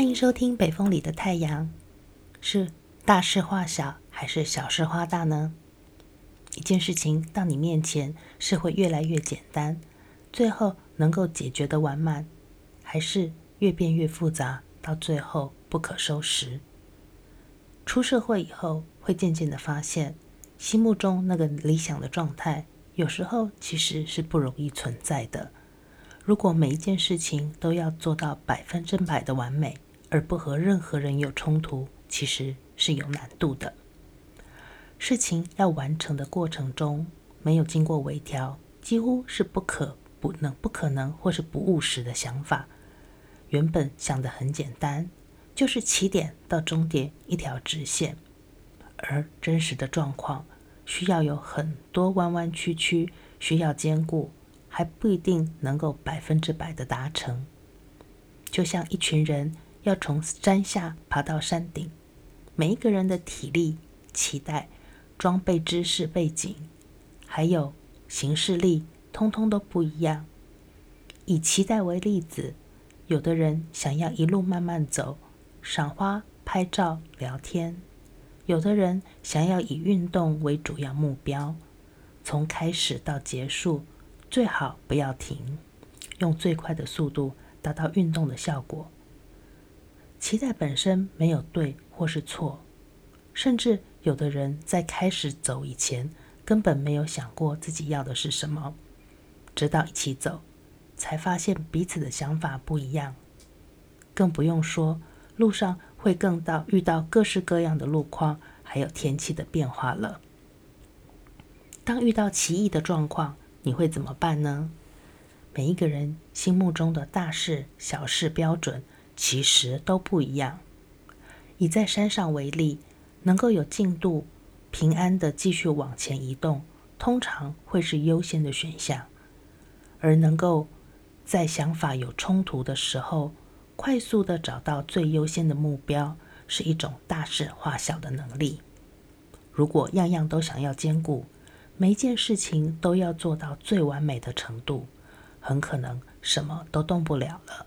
歡迎收聽《北風裡的太陽》。是大事化小，還是小事化大呢？一件事情到你面前，是會越來越簡單，最後能夠解決得完滿，還是越變越複雜，到最後不可收拾？出社會以後，會漸漸的發現，心目中那個理想的狀態，有時候其實是不容易存在的。如果每一件事情都要做到百分之百的完美，而不和任何人有衝突，其實是有難度的。事情要完成的過程中，沒有經過微調，幾乎是不可不能不可能，或是不務實的想法。原本想得很簡單，就是起點到終點一條直線，而真實的狀況需要有很多彎彎曲曲，需要兼顧，還不一定能夠百分之百地達成。就像一群人。要從山下爬到山頂，每一個人的體力、期待、裝備、知識、背景，還有行事力，通通都不一樣。以期待為例子，有的人想要一路慢慢走，賞花、拍照、聊天；有的人想要以運動為主要目標，從開始到結束，最好不要停，用最快的速度達到運動的效果。期待本身沒有對或是錯，甚至有的人在開始走以前，根本沒有想過自己要的是什麼，直到一起走，才發現彼此的想法不一樣，更不用說路上會更到遇到各式各樣的路況，還有天氣的變化了。當遇到奇異的狀況，你會怎麼辦呢？每一個人心目中的大事小事標準。其實都不一樣。以在山上為例，能夠有進度、平安的繼續往前移動，通常會是優先的選項。而能夠在想法有衝突的時候，快速的找到最優先的目標，是一種大事化小的能力。如果樣樣都想要兼顧，每一件事情都要做到最完美的程度，很可能什麼都動不了了。